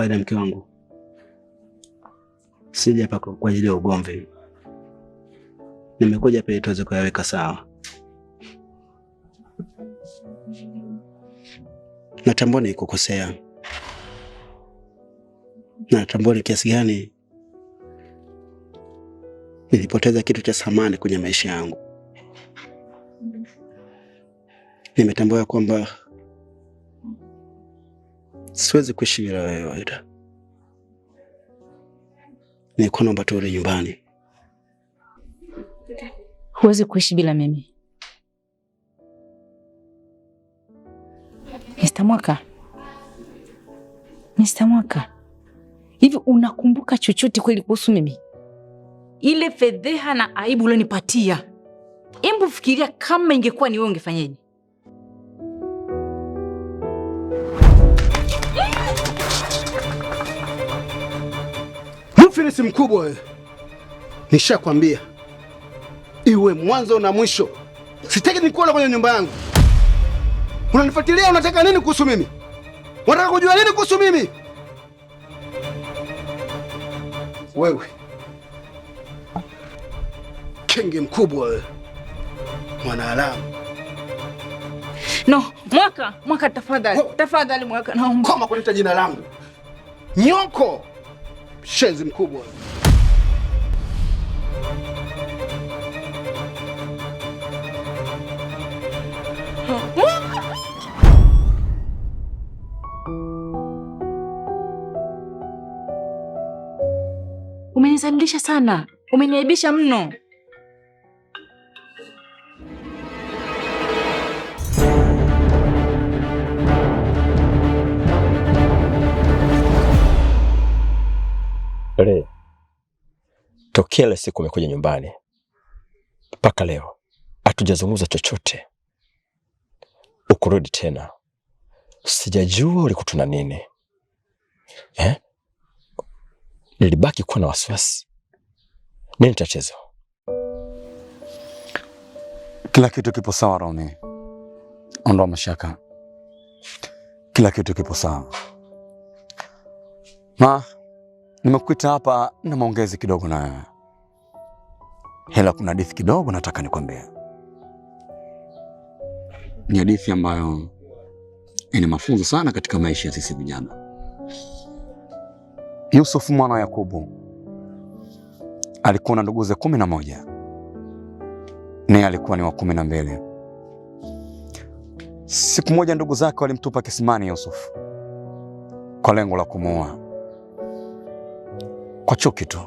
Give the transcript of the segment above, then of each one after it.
kawaida, mke wangu, sija hapa kwa ajili ya ugomvi. Nimekuja hapa ili tuweze kuyaweka sawa. Natambua nikukosea, natambua ni kiasi gani nilipoteza kitu cha thamani kwenye maisha yangu. Nimetambua kwamba Siwezi kuishi bila wewe Aida, nilikuwa naomba turudi nyumbani. Huwezi kuishi bila mimi Mr. Mwaka. Mr. Mwaka, hivi unakumbuka chochote kweli kuhusu mimi? Ile fedheha na aibu ulionipatia, hebu fikiria kama ingekuwa ni wewe ungefanyaje? Filisi mkubwa wewe, nishakwambia iwe mwanzo na mwisho. Sitaki nikuona kwenye nyumba yangu. Unanifuatilia, unataka nini kuhusu mimi? Unataka kujua nini kuhusu mimi? Wewe kenge mkubwa wewe, mwanaalamu. No, Mwaka, Mwaka, tafadhali, oh. tafadhali Mwaka, naomba koma kunita jina langu nyoko mshenzi mkubwa. Umenizalilisha sana, umeniaibisha mno. Lee, tokea ile siku umekuja nyumbani mpaka leo hatujazungumza chochote. Ukurudi tena, sijajua ulikutuna nini eh? Nilibaki kuwa na wasiwasi. Nini tatizo? Kila kitu kipo sawa Roni, ondoa mashaka. Kila kitu kipo sawa ma Nimekuita hapa na maongezi kidogo na wewe. Hela, kuna hadithi kidogo nataka nikwambie. Ni hadithi ambayo ina mafunzo sana katika maisha ya sisi vijana. Yusufu mwana wa Yakobo alikuwa na nduguze kumi na moja, naye alikuwa ni wa kumi na mbili. Siku moja ndugu zake walimtupa kisimani yusuf kwa lengo la kumuua kwa chuki tu,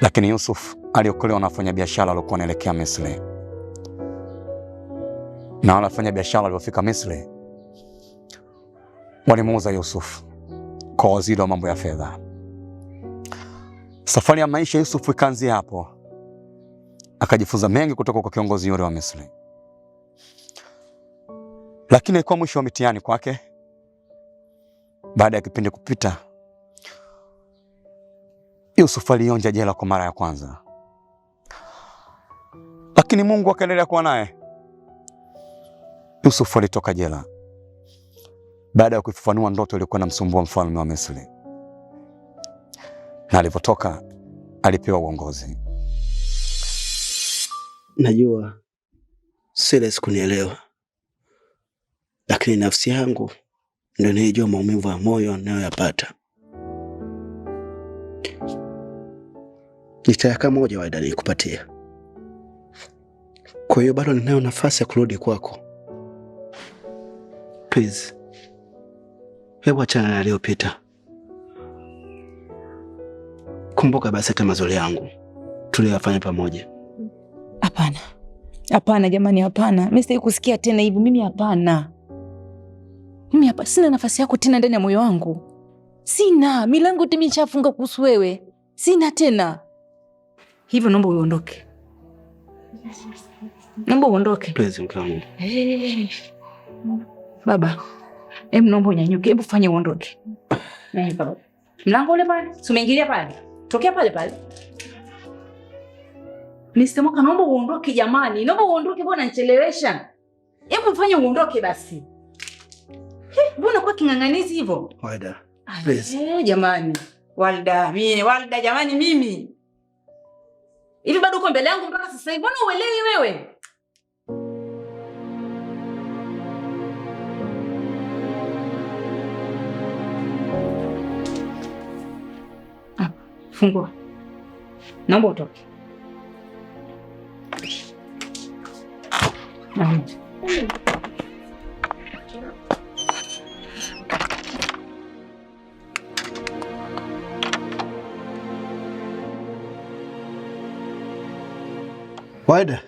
lakini Yusuf aliokolewa na wafanyabiashara waliokuwa wanaelekea Misri, na wale wafanyabiashara waliofika Misri walimuuza Yusuf kwa waziri wa mambo ya fedha. Safari ya maisha Yusuf ikaanzia hapo, akajifunza mengi kutoka kwa kiongozi yule wa Misri, lakini ilikuwa mwisho wa mitihani kwake. Baada ya kipindi kupita yusuf alionja jela kwa mara ya kwanza, lakini Mungu akaendelea kuwa naye. yusuf alitoka jela baada ya kuifafanua ndoto iliyokuwa inamsumbua mfalme wa Misri, na alipotoka alipewa uongozi. Najua sile siku kunielewa, lakini nafsi yangu ndio inayojua maumivu ya moyo ninayoyapata nitaweka moja waida nikupatia. Kwa hiyo bado ninayo nafasi ya kurudi kwako. Please, hebu achana na yaliyopita, kumbuka basi hata mazuri yangu tuliyoyafanya pamoja. Hapana, hapana jamani, hapana. Mimi sitaki kusikia tena hivyo. Mimi hapana, mimi hapa sina nafasi yako tena ndani ya moyo wangu. Sina milango timichafunga kuhusu wewe, sina tena hivyo naomba uondoke, naomba uondoke hey. Baba, hebu naomba unyanyuke, hebu fanye uondoke. Mlango ule pale, tumeingilia pale, tokea pale pale. Nisemoka, naomba uondoke jamani, naomba uondoke bwana, nichelewesha. Hebu fanye uondoke basi. Mbona kwa king'ang'anizi hivyo? Walda, please. Jamani, Walda, mimi Walda jamani mimi Hivi bado uko mbele yangu mpaka sasa hivi? Mbona uelewi wewe? Ah, fungua. Naomba utoke. Naomba. What?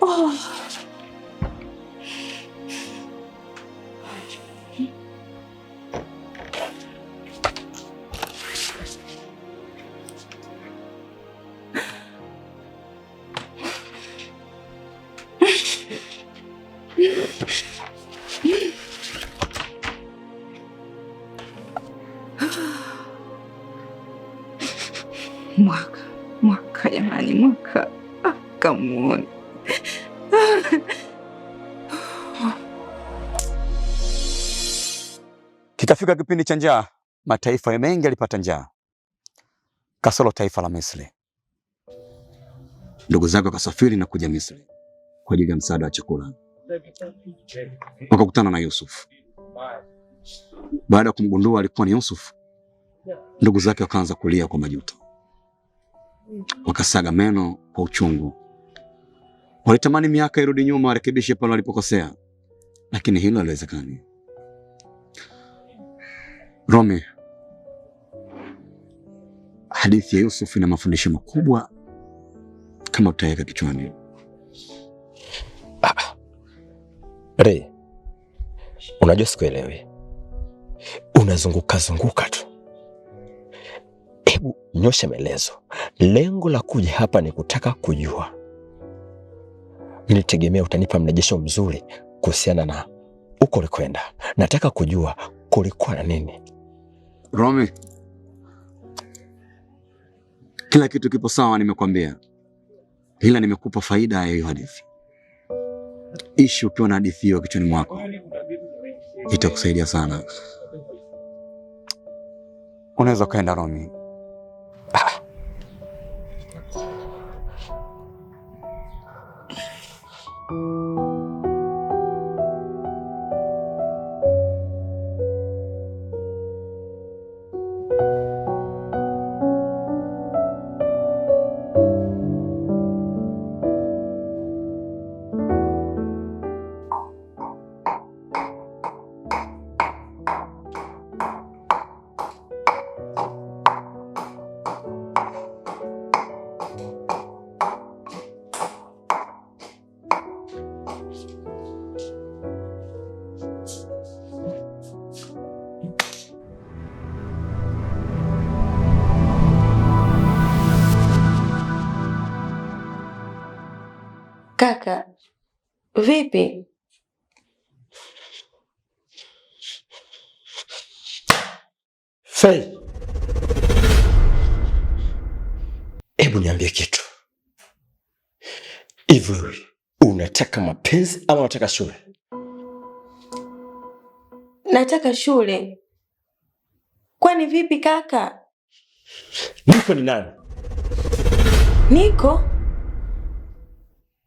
Oh. Kitafika kipindi cha njaa, mataifa mengi yalipata njaa kasoro taifa la Misri. Ndugu zake wakasafiri na kuja Misri kwa ajili ya msaada wa chakula, wakakutana na Yusuf. Baada ya kumgundua alikuwa ni Yusuf, ndugu zake wakaanza kulia kwa majuto, wakasaga meno kwa uchungu. Walitamani miaka irudi nyuma, warekebishe pale walipokosea, lakini hilo haliwezekani. Rome, hadithi ya Yusuf ina mafundisho makubwa kama utaweka kichwani. Ah, Re, unajua sikuelewi, unazunguka zunguka tu. Hebu nyosha maelezo. Lengo la kuja hapa ni kutaka kujua. Nilitegemea utanipa mrejesho mzuri kuhusiana na uko ulikwenda. Nataka kujua kulikuwa na nini. Romi, kila kitu kipo sawa, nimekwambia, ila nimekupa faida ya hiyo hadithi. Ishi ukiwa na hadithi hiyo kichwani mwako, itakusaidia sana. Unaweza ukaenda Romi. Kaka vipi? Fei, hebu niambie kitu, hivi unataka mapenzi ama unataka shule? Nataka shule. Kwani vipi kaka? Niko ni nani? Niko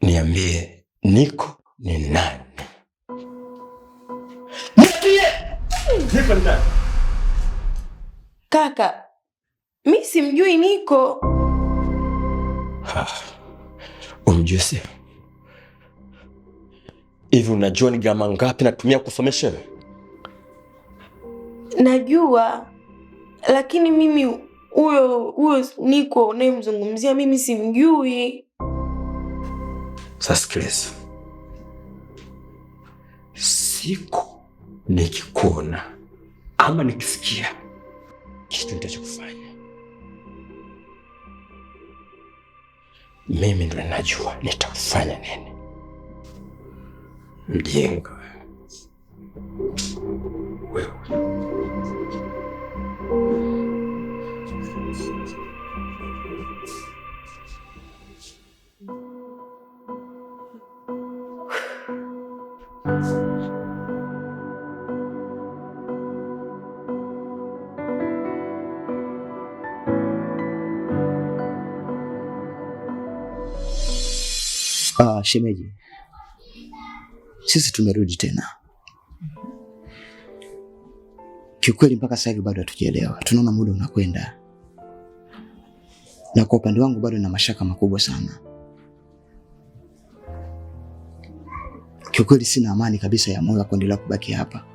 niambie Niko ni nani? Niambie Niko ni nani? Kaka, mi simjui Niko. Ha, Hivi unajua ni gharama ngapi natumia kusomesha? Najua, lakini mimi huyo huyo Niko unayemzungumzia mimi simjui. Sasikiliza, siku nikikuona ama nikisikia kitu nitachokufanya mimi, ndo najua nitakufanya nini. Mjenga wewe Ah, shemeji, sisi tumerudi tena kiukweli, mpaka sasa hivi bado hatujaelewa. Tunaona muda unakwenda, na kwa upande wangu bado na mashaka makubwa sana kiukweli. Sina amani kabisa ya moyo kuendelea kubaki hapa.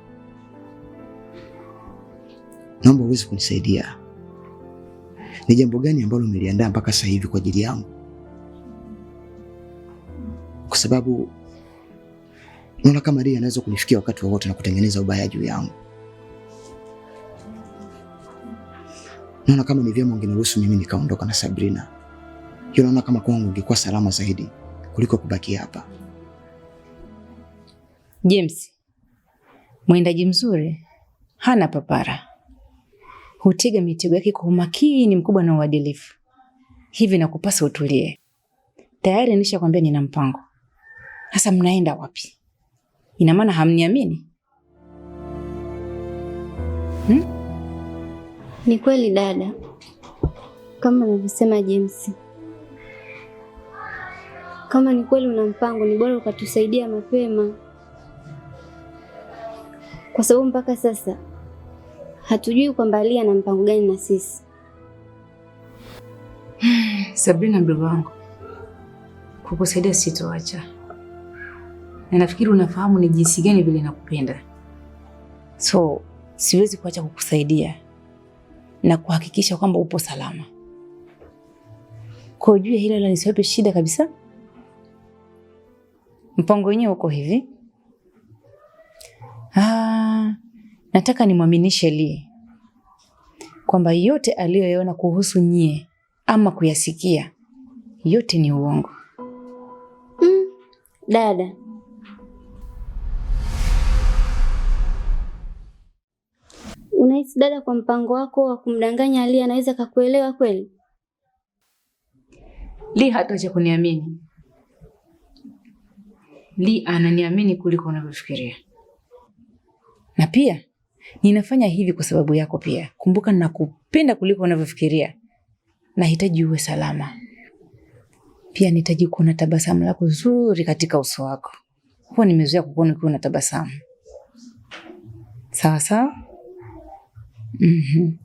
Naomba uweze kunisaidia, ni jambo gani ambalo umeliandaa mpaka sasa hivi kwa ajili yangu? kwa sababu naona kama Ria anaweza kunifikia wakati wowote na kutengeneza ubaya juu yangu. Naona kama ni vyema ungeniruhusu mimi nikaondoka na Sabrina. Hiyo naona kama kwangu ungekuwa salama zaidi kuliko kubaki hapa. James, mwendaji mzuri hana papara, hutega mitego yake kwa umakini mkubwa na uadilifu. Hivi nakupasa utulie, tayari nishakwambia nina mpango hasa mnaenda wapi? Ina maana hamniamini hmm? Ni kweli dada, kama anavyosema James, kama ni kweli una mpango, ni bora ukatusaidia mapema, kwa sababu mpaka sasa hatujui kwamba Ali ana mpango gani na sisi. Hmm, Sabrina, mdogo wangu, kukusaidia sitoacha na nafikiri unafahamu ni jinsi gani vile nakupenda, so siwezi kuacha kukusaidia na kuhakikisha kwamba upo salama. Kwa juu ya hilo la nisiwepe shida kabisa. Mpango wenyewe uko hivi. Ah, nataka nimwaminishe Lee kwamba yote aliyoyaona kuhusu nyie ama kuyasikia yote ni uongo. Mm, dada Unahisi dada, kwa mpango wako wa kumdanganya Ali anaweza kakuelewa kweli? Li hatacha kuniamini. Li ananiamini kuliko unavyofikiria, na pia ninafanya hivi kwa sababu yako pia. Kumbuka nakupenda kuliko unavyofikiria, nahitaji uwe salama pia. Nahitaji kuona tabasamu lako zuri katika uso wako, huwa nimezoea kukuona ukiwa na tabasamu. Sawa sawa. Uhum.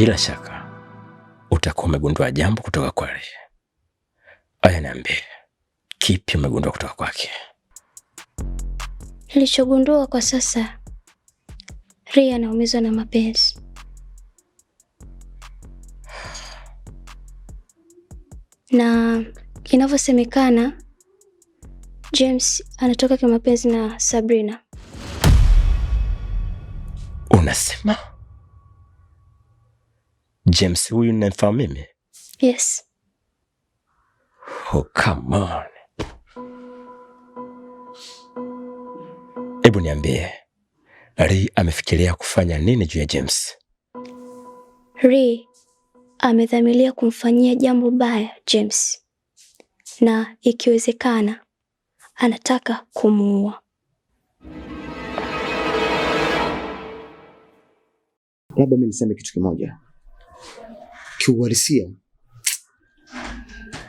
Bila shaka utakuwa umegundua jambo kutoka kwake. Aya, niambie kipi umegundua kutoka kwake? Nilichogundua kwa sasa, Ria anaumizwa na mapenzi. Na inavyosemekana, James anatoka kimapenzi na Sabrina. Unasema? James huyu namfahamu mimi? Yes. Oh, come on. Hebu niambie, Ri amefikiria kufanya nini juu ya James? Ri amedhamiria kumfanyia jambo baya James, na ikiwezekana anataka kumuua. Labda mimi niseme kitu kimoja kiuhalisia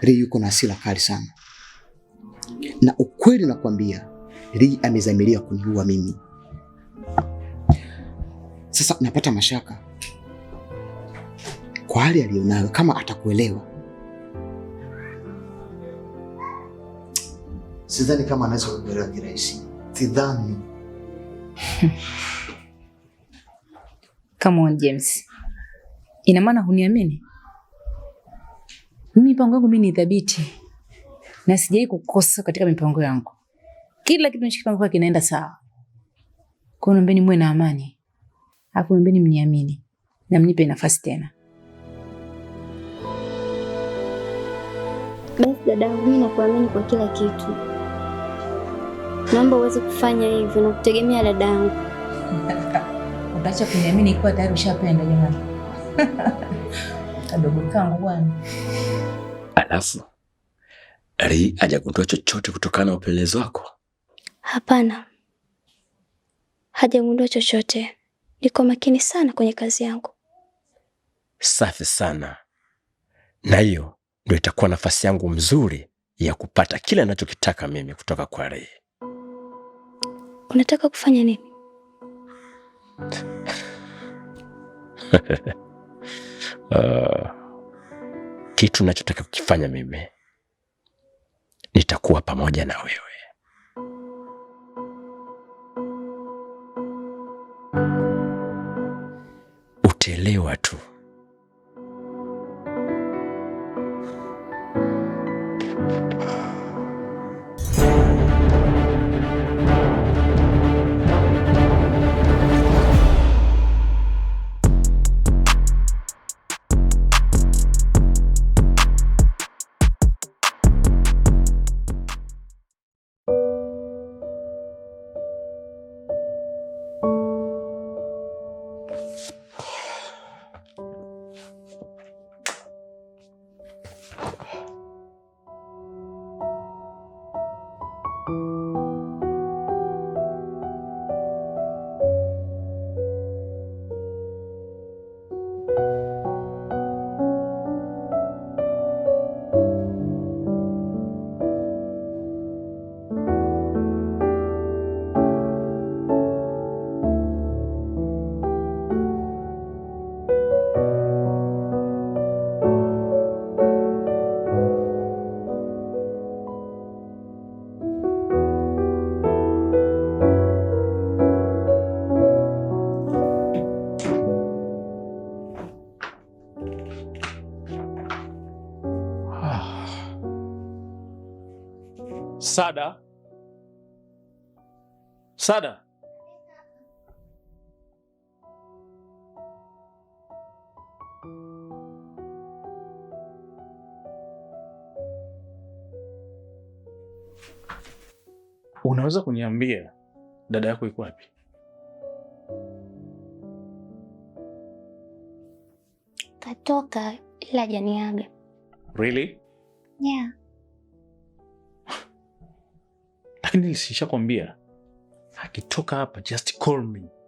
Lee yuko na hasira kali sana, na ukweli nakwambia, Lee amezamiria kuniua mimi. Sasa napata mashaka kwa hali aliyonayo, kama atakuelewa. Sidhani kama anaweza kuelewa kirahisi, sidhani. Come on James, ina maana huniamini? Mipango yangu mimi ni thabiti na sijai kukosa katika mipango yangu, kila kitu kwa kinaenda sawa. Kwa hiyo mwe muwe na amani, hapo naombeni mniamini na mnipe nafasi tena. Basi dadangu, mimi nakuamini kwa kila kitu, naomba uweze kufanya hivyo na kutegemea dadangu. Utaacha kuniamini kuwa tayari ushapenda jamani. Kadogo kangu bwana. Halafu Ri hajagundua chochote kutokana na upelelezi wako? Hapana, hajagundua chochote. Niko makini sana kwenye kazi yangu. Safi sana, na hiyo ndio itakuwa nafasi yangu mzuri ya kupata kile anachokitaka mimi kutoka kwa Ri. Unataka kufanya nini? uh... kitu nachotaka kukifanya mimi, nitakuwa pamoja na wewe. Utelewa tu. Sada, Sada, unaweza kuniambia dada yako iko wapi? Katoka ila janiaga. Really? Yeah. lakini nilishakwambia akitoka hapa just call me.